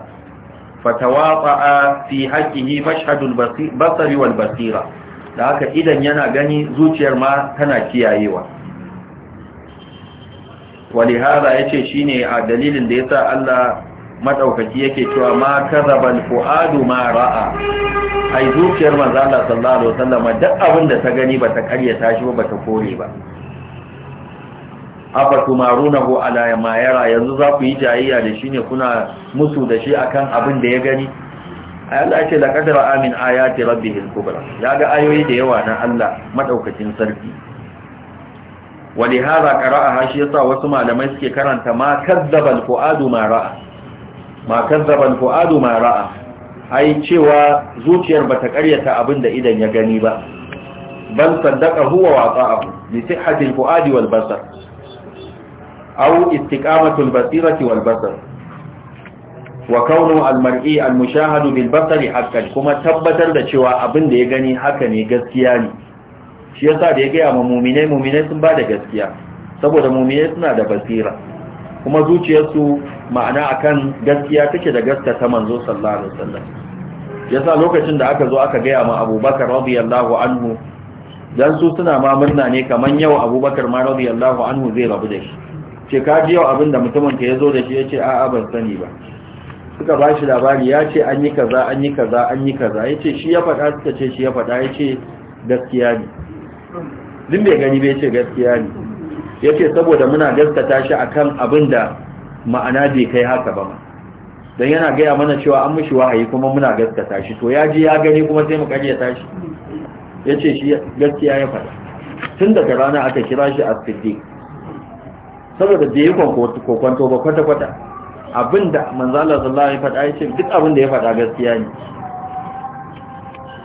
fatawaqa'a fi haqqihi mashhadul basari wal basira da haka idan yana gani zuciyar ma tana kiyayewa Wani ya ce shi ne a dalilin da ya sa Allah maɗaukaki yake cewa ma kazabal fuadu ma ra'a ai zuciyar ma Allah sallallahu alaihi sallama, duk abin da ta gani ba ta karyata shi ba ta kore ba afa tumarunahu ala ma yara yanzu za ku yi jayayya da shi ne kuna musu da shi akan abin da ya gani Allah ya ce la amin ayati al kubra ga ayoyi da yawa na Allah madaukakin sarki walihara qara'aha shi yasa wasu malamai suke karanta ma al fuadu ma ra'a ma al fuadu ma ra'a ai cewa zuciyar bata karyata abin da idan ya gani ba bal saddaka huwa wa ta'ahu li al fuadi wal basar أو استقامة البصيرة والبصر وكون المرئي المشاهد بالبصر حقا كما تبتر da cewa abin da ya gani haka ne gaskiya ne shi yasa da ya ga mu mu'minai mu'minai sun bada gaskiya saboda mu'minai suna da basira kuma zuciyarsu ma'ana akan gaskiya take da gaskiya ta manzo sallallahu alaihi wasallam yasa lokacin da aka zo aka gaya ma abubakar radiyallahu anhu dan su suna ma murna ne kaman yau abubakar ma radiyallahu anhu zai rabu da shi ce ka ji yau abinda mutumin ka yazo da shi yace a'a ban sani ba suka ba shi labari ya ce an yi kaza an yi kaza an yi kaza ya ce shi ya faɗa suka ce shi ya faɗa ya ce gaskiya ne din bai gani bai ce gaskiya ne ya ce saboda muna gaskata shi a kan abin da ma'ana bai kai haka ba ma don yana gaya mana cewa an mushi wahayi kuma muna gaskata shi to ya ji ya gani kuma sai mu karya tashi ya ce shi gaskiya ya faɗa tun daga rana aka kira shi a siddiq saboda ya yi kokwanto ba kwata-kwata abinda manzala sallallahu ya faɗa ya ce duk abinda ya faɗa gaskiya ne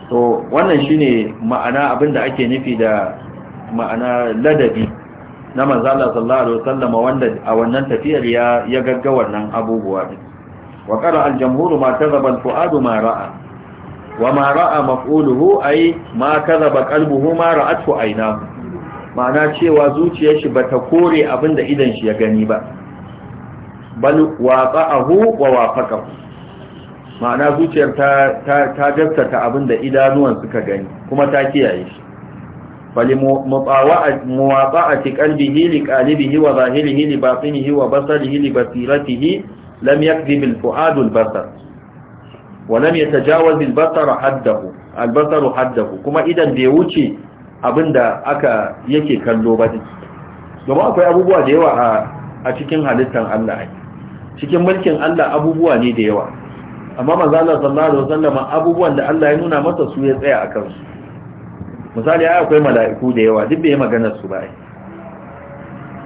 to wannan shi ne ma'ana abinda ake nufi da ma'ana ladabi na manzala sallallahu alaihi sallama, wanda a wannan tafiyar ya gagga wannan abubuwa ne wa qara al ma ta al fu'adu ma ra'a wa ma ra'a maf'uluhu ai ma zaba kalbuhu ma ra'atuhu aynahu ma'ana cewa zuciyar shi ba ta kore abinda idan shi ya gani ba bal waqa'ahu wa wafaqahu ma'ana zuciyar ta ta ta gaskata abin idanuwan suka gani kuma ta kiyaye shi bal muwaqa'ati qalbihi li qalibihi wa zahirihi li batinihi wa basarihi li basiratihi lam yakdhib al fu'ad al basar wa lam yatajawaz al basar haddahu al basar haddahu kuma idan bai wuce da aka yake kallo ba ne domin akwai abubuwa da yawa a cikin halittar Allah cikin mulkin Allah abubuwa ne da yawa amma Allah sallallahu alaihi wasallam abubuwan da Allah ya nuna masa su ya tsaya akan su misali ai akwai mala'iku da yawa duk bai magana su ba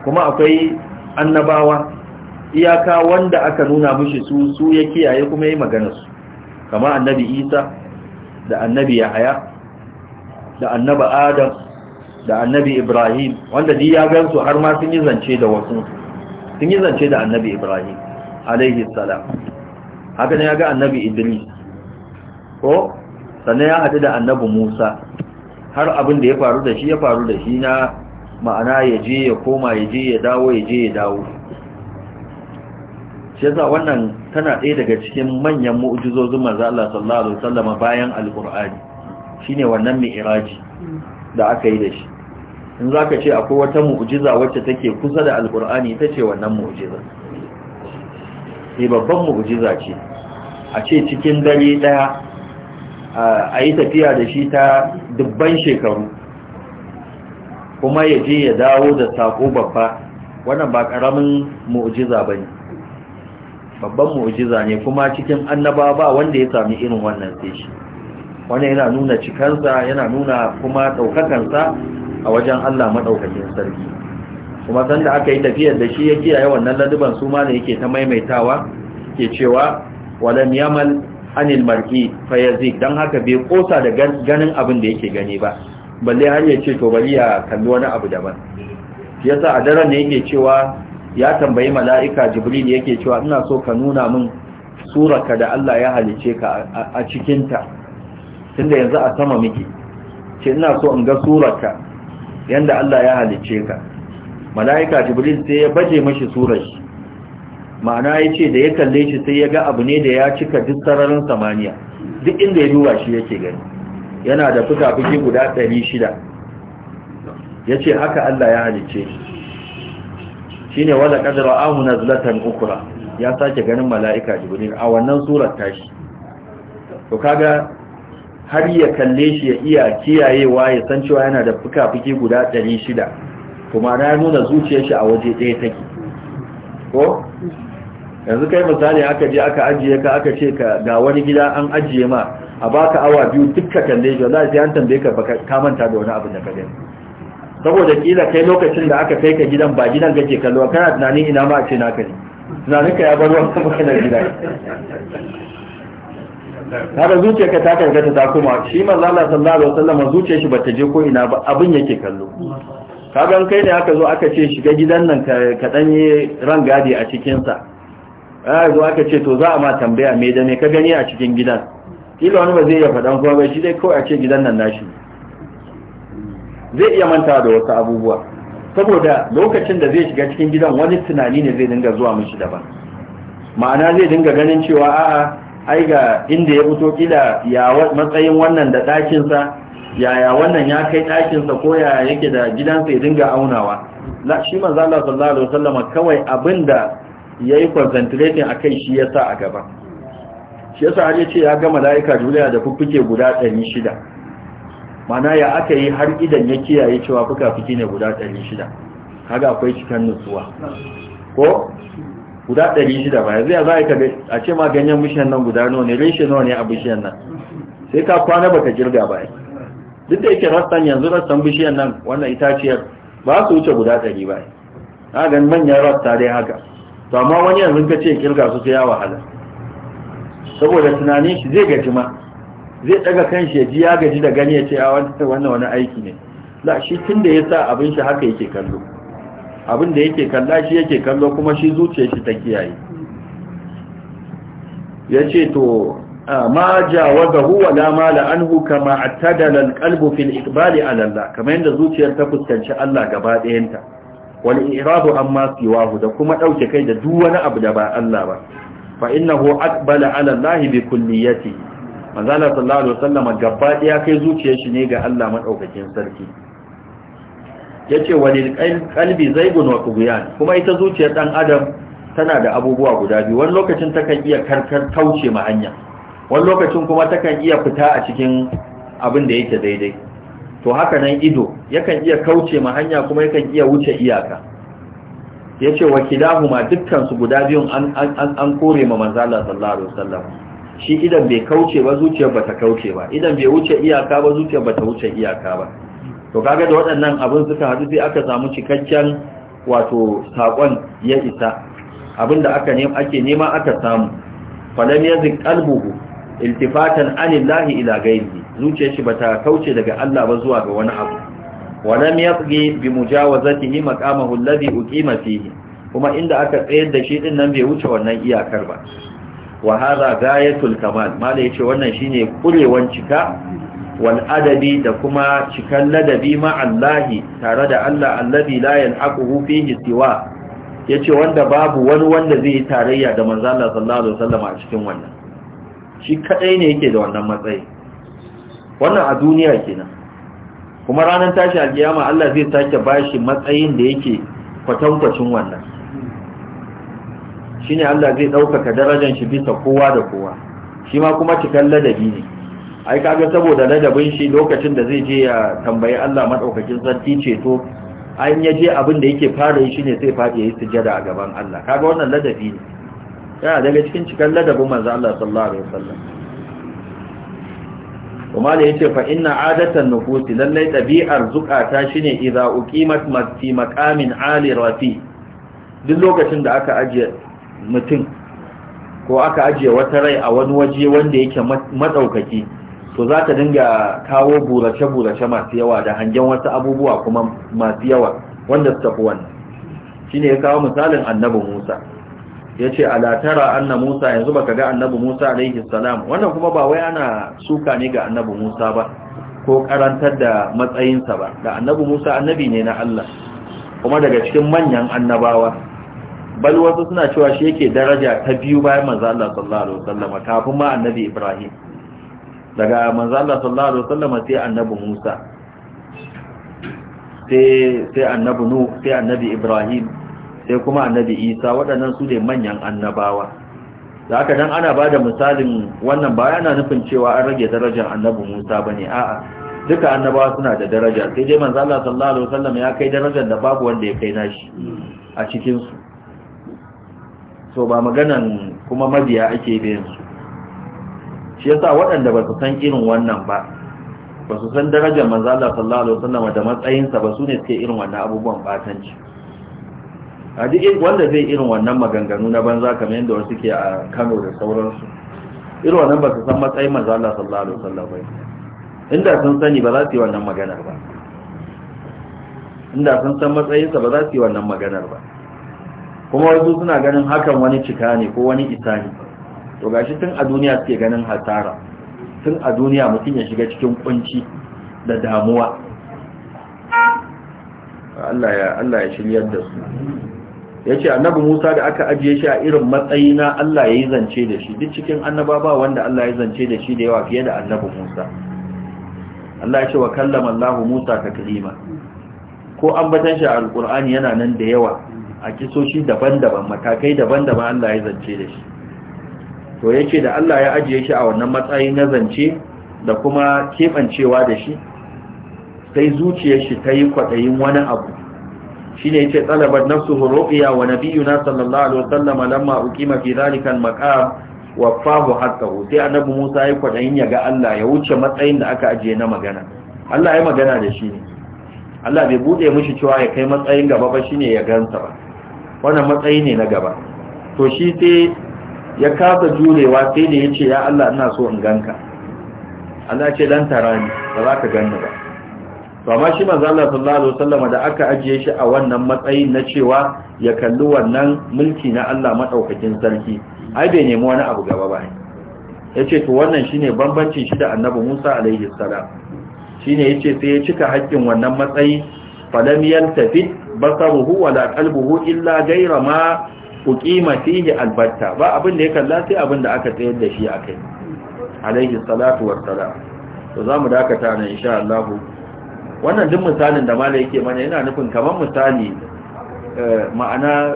kuma akwai annabawa iyaka wanda aka nuna mishi su su ya kiyaye kuma yayi magana su kamar annabi Isa da annabi Yahaya da annaba adam da annabi ibrahim wanda ni ya gansu har ma sun yi zance da wasu sun yi zance da annabi ibrahim alaihi salam haka ne ya ga annabi idris ko sannan ya haɗu da annabi musa har abin da ya faru da shi ya faru da shi na ma'ana ya je ya koma ya je ya dawo ya je ya dawo shi yasa wannan tana ɗaya daga cikin manyan mu'jizozin manzo Allah sallallahu alaihi wasallam bayan alqur'ani shine wannan mi'raji da aka yi da shi in za ka ce akwai wata mu'jiza wacce take kusa da alkur'ani ita ce wannan mu'ujiza sai babban mu'ujiza ce a ce cikin dare daya a yi tafiya da shi ta dubban shekaru kuma ya je ya dawo da sako babba wannan ba karamin mu'ujiza ba ne babban mu'jiza ne kuma cikin annaba ba wanda ya sami irin wannan sai shi wani yana nuna cikarsa yana nuna kuma ɗaukakansa a wajen Allah maɗaukakin sarki kuma sanda aka yi tafiyar da shi ya kiyaye wannan laduban su ma ne yake ta maimaitawa ke cewa walam yamal anil marki fayazik don haka bai kosa da ganin abin da yake gani ba balle har ya ce to bari ya kalli wani abu daban yasa a daren ne yake cewa ya tambayi mala'ika jibril yake cewa ina so ka nuna min surarka da Allah ya halice ka a cikinta tunda yanzu a sama muke ce ina so in ga surarka yanda Allah ya halicce ka mala'ika jibril sai ya baje mashi surar shi ma'ana ya ce da ya kalle shi sai ya ga abu ne da ya cika duk sararin samaniya duk inda ya duba shi yake gani yana da fuka-fuki guda 600 ya ce haka Allah ya halicce shi ne wadda ƙadara ahu na zlatan ukura ya sake ganin mala'ika jibril a wannan surar tashi to kaga har ya kalle shi ya iya kiyayewa ya san cewa yana da fuka-fuki guda 600 kuma na nuna zuciyar shi a waje ɗaya take ko yanzu kai misali aka je aka ajiye ka aka ce ka ga wani gida an ajiye ma a baka awa biyu dukka kalle shi wanda sai an tambaye ka ka manta da wani abu da ka gani saboda kila kai lokacin da aka kai ka gidan ba gidan ke kallo kana tunanin ina ma a ce naka ne tunanin ka ya bar wani maganar gida zuciya ka ta karkata ta kuma shi manzo Allah sallallahu alaihi wasallam zuciyar shi bata je ko ina ba abin yake kallo kaga kai ne aka zo aka ce shiga gidan nan ka danye ran gadi a cikin sa ai zo aka ce to za a ma tambaya me da me ka gani a cikin gidan kila wani ba zai ya fadan kuma ba shi dai kawai a ce gidan nan nashi zai iya manta da wasu abubuwa saboda lokacin da zai shiga cikin gidan wani tunani ne zai dinga zuwa mishi daban ma'ana zai dinga ganin cewa a'a ai ga inda ya fito kila ya matsayin wannan da ɗakinsa yaya wannan ya kai ɗakinsa ko yaya yake da gidansa ya dinga aunawa la shi manzo Allah sallallahu alaihi wasallama kawai abinda yayi concentrating akai shi yasa a gaba shi yasa har yace ya ga malaika duniya da fuffuke guda 600 mana ya aka yi har idan ya kiyaye cewa fuka-fuki ne guda 600 kaga akwai cikan nutsuwa ko guda ɗari shida ba yanzu ya za a ce ma ganyen bishiyan nan guda nawa ne reshe nawa ne a bishiyan nan sai ka kwana baka girga ba duk da yake rastan yanzu rastan bishiyan nan wannan itaciyar ba su wuce guda ɗari ba na gan manyan rasta dai haka to amma wani yanzu ka ce kirga su sai ya wahala saboda tunanin shi zai gaji ma zai daga kan shi ya ji ya gaji da gani ya ce a wannan wani aiki ne la shi tun da ya sa abin shi haka yake kallo abin da yake kalla shi yake kallo kuma shi zuciya shi ta kiyaye ya ce to ma jawazahu huwa la mala anhu kama attadala alqalbu fil iqbali ala Allah kamar yadda zuciyar ta fuskanci Allah gaba ɗayanta wal i'rabu amma siwahu da kuma dauke kai da duk wani abu da ba Allah ba fa innahu aqbala ala Allah bi kulliyatihi manzala sallallahu alaihi wasallam gaba ɗaya kai zuciyar shi ne ga Allah madaukakin sarki ya ce wani kalbi zaigun wa kuguyan kuma ita zuciyar ɗan adam tana da abubuwa guda biyu wani lokacin takan iya karkar kauce ma hanya wani lokacin kuma takan iya fita a cikin abin da yake daidai to haka nan ido yakan iya kauce ma hanya kuma yakan iya wuce iyaka ya ce wa kidahuma dukkansu guda biyun an kore ma manzala sallallahu alaihi wasallam shi idan bai kauce ba zuciyar ba ta kauce ba idan bai wuce iyaka ba zuciyar ba ta wuce iyaka ba to kaga da waɗannan abin suka haɗu sai aka samu cikakken wato saƙon ya isa abin da aka ake nema aka samu falam yazik qalbuhu iltifatan anillahi ila ghairihi zuciyar shi bata kauce daga Allah ba zuwa ga wani abu walam yaqi bi mujawazatihi maqamahu alladhi uqima fihi kuma inda aka tsayar da shi din nan bai wuce wannan iyakar ba wa hadha gayatul kamal mala yace wannan shine kurewan cika wal adabi da kuma cikan ladabi ma Allahi tare da Allah allazi la yalhaquhu fihi ya yace wanda babu wani wanda zai yi tarayya da manzo Allah sallallahu alaihi wasallam a cikin wannan shi kadai ne yake da wannan matsayi wannan a duniya kenan kuma ranar tashi alkiyama Allah zai sake bashi matsayin da yake kwatankwacin wannan shine Allah zai ɗaukaka darajar shi bisa kowa da kowa shi ma kuma cikan ladabi ne ai kaga saboda ladabin shi lokacin da zai je ya tambayi Allah madaukakin sarki ceto an ya je abin da yake fara yi shine sai fadi yayi sujada a gaban Allah kaga wannan ladabi ne yana daga cikin cikan ladabin manzo Allah sallallahu alaihi wasallam kuma da yace fa inna adatan nufusi lallai tabi'ar zukata shine idza uqimat fi maqamin ali rafi duk lokacin da aka ajiye mutum ko aka ajiye wata rai a wani waje wanda yake madaukaki to za ta dinga kawo burace-burace masu yawa da hangen wasu abubuwa kuma masu yawa wanda su tafi wannan shi ne ya kawo misalin annabi musa ya ce alatara Annabi musa yanzu baka ga annabi musa alaihi salam wannan kuma ba wai ana suka ne ga annabi musa ba ko karantar da matsayinsa ba da annabi musa annabi ne na allah kuma daga cikin manyan annabawa bal wasu suna cewa shi yake daraja ta biyu bayan manzo Allah sallallahu alaihi wasallam kafin ma annabi ibrahim daga manzo Allah sallallahu alaihi wasallam sai annabi Musa sai sai annabi Nuh sai annabi Ibrahim sai kuma annabi Isa waɗannan su ne manyan annabawa da haka dan ana bada misalin wannan ba yana nufin cewa an rage darajar annabi Musa bane a'a duka annabawa suna da daraja sai dai manzo Allah sallallahu alaihi wasallam ya kai darajar da babu wanda ya kai nashi a cikin su so ba maganan kuma mabiya ake bayan su shi yasa waɗanda ba su san irin wannan ba ba su san darajar manzala sallallahu alaihi wasallam da matsayinsa ba su ne suke irin wannan abubuwan batanci a duk wanda zai irin wannan maganganu na banza kamar yadda wasu ke a Kano da sauransu irin wannan ba su san matsayin manzala sallallahu alaihi wasallam ba inda sun sani ba za su yi wannan maganar ba inda sun san matsayinsa ba za su yi wannan maganar ba kuma wasu suna ganin hakan wani cika ne ko wani isa ne to gashi tun a duniya suke ganin hasara tun a duniya mutum ya shiga cikin kunci da damuwa Allah ya da su ce annabi Musa da aka ajiye shi a irin matsayi na Allah ya yi zance da shi duk cikin annaba ba wanda Allah ya zance da shi da yawa fiye da annabi Musa Allah ya ce wa kallama Allah Musa ta kalima ko ambatan shi a alkur'ani yana nan da yawa a kisoshi daban-daban matakai daban-daban Allah ya zance da shi to ya da Allah ya ajiye shi a wannan matsayi na zance da kuma keɓancewa da shi sai zuciyar shi ta yi kwaɗayin wani abu shi ne ce tsalabar nafsu huruƙiya wa na sallallahu alaihi wasallam lamma uqima mafi zalika al wa fahu haqqahu sai annabi Musa ya kwaɗayin ya ga Allah ya wuce matsayin da aka ajiye na magana Allah ya magana da shi ne Allah bai bude mishi cewa ya kai matsayin gaba ba shine ya gansa ba wannan matsayi ne na gaba to shi sai ya kasa jurewa sai da ya ce ya Allah ina so in ganka Allah ce dan tara ni ba za ka ganni ba to amma shi manzo Allah sallallahu alaihi wasallam da aka ajiye shi a wannan matsayin na cewa ya kalli wannan mulki na Allah madaukakin sarki ai bai nemi wani abu gaba ba yace to wannan shine bambancin shi da Annabi Musa alaihi salam shine yace sai ya cika haƙƙin wannan matsayi falam yaltafit basaruhu wala qalbuhu illa gairama. uqima albatta ba abin da ya kalla sai abin da aka tsayar da shi akai alaihi salatu wassalam to zamu dakata ne insha Allah wannan duk misalin da malai yake mana yana nufin kamar misali eh, ma'ana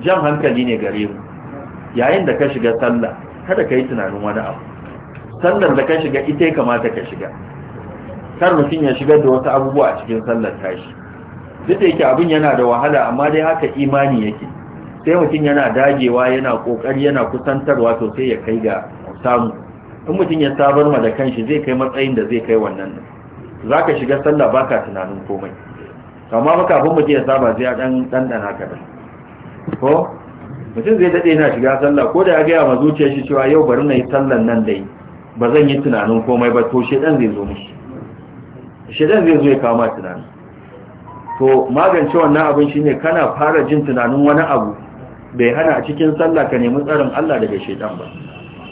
jan hankali ne gare mu yayin da ka shiga sallah kada ka yi tunanin wani abu sallar da ka shiga ita ya kamata ka shiga kar mutum ya shigar da wasu abubuwa a cikin sallar tashi duk da yake abin yana da wahala amma dai haka imani yake sai mutum yana dagewa yana kokari yana kusantarwa to sai ya kai ga samu in mutum ya sabar ma da kanshi zai kai matsayin da zai kai wannan nan. za ka shiga sallah ba ka tunanin komai amma makafin mutum ya saba zai ya dan dandana ka da ko mutum zai dade yana shiga sallah ko da ya gaya ma zuciyar shi cewa yau bari na yi sallan nan dai ba zan yi tunanin komai ba to shedan zai zo mishi shedan zai zo ya kawo ma tunani to magance wannan abin shine kana fara jin tunanin wani abu bai hana a cikin sallah ka nemi tsarin Allah daga shaitan ba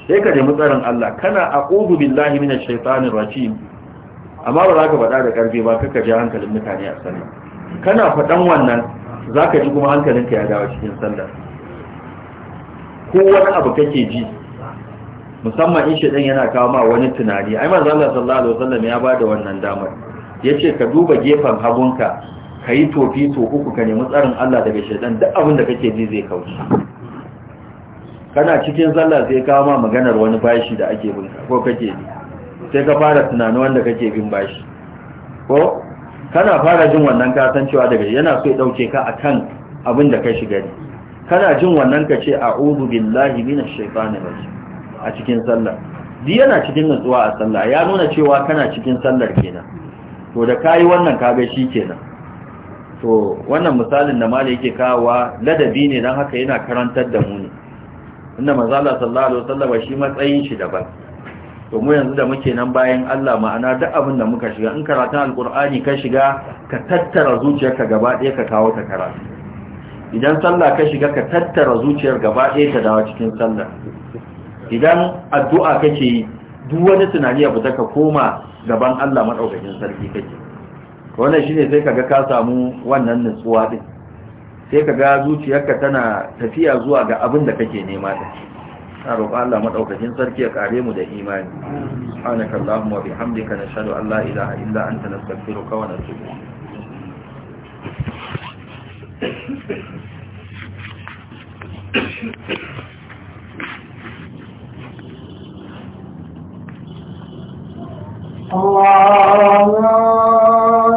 sai ka nemi tsarin Allah kana a'udhu billahi minash shaitanir rajim amma ba za ka faɗa da ƙarfi ba kaka ji hankalin mutane a sallah kana faɗan wannan za ka ji kuma hankalinka ya dawo cikin sallah ko wani abu kake ji musamman in shaitan yana kawo ma wani tunani ai manzo Allah sallallahu alaihi wasallam ya bada wannan damar yace ka duba gefen hagunka ka yi tofi so uku ka nemi tsarin Allah daga shaidan duk abin da kake ji zai kauce kana cikin sallah sai ka ma maganar wani bashi da ake bin ko kake ji sai ka fara tunanin wanda kake bin bashi ko kana fara jin wannan ka san cewa daga yana so ya dauke ka akan abin da ka shiga ne kana jin wannan ka ce a'udhu billahi minash shaitanir rajim a cikin sallah di yana cikin nutsuwa a sallah ya nuna cewa kana cikin sallar kenan to da kai wannan kaga shi kenan to wannan misalin da mali yake kawowa ladabi ne don haka yana karantar da mu ne inda mazala sallallahu alaihi wasallam shi matsayin shi daban to mu yanzu da muke nan bayan Allah ma'ana duk abin da muka shiga in karatun alkur'ani ka shiga ka tattara zuciyarka gaba ɗaya ka kawo ta karatu idan sallah ka shiga ka tattara zuciyar gaba ɗaya ta dawo cikin sallah idan addu'a kake yi duk wani tunani ya fita ka koma gaban Allah madaukakin sarki kake wannan shine sai kaga ka samu wannan nutsuwa din sai kaga zuciyarka tana tafiya zuwa ga abin da kake nema da na roƙa Allah madaukakin sarki ya kare mu da imani subhanaka allahumma wa bihamdika nashhadu an la ilaha illa anta nastaghfiruka wa natubu Allah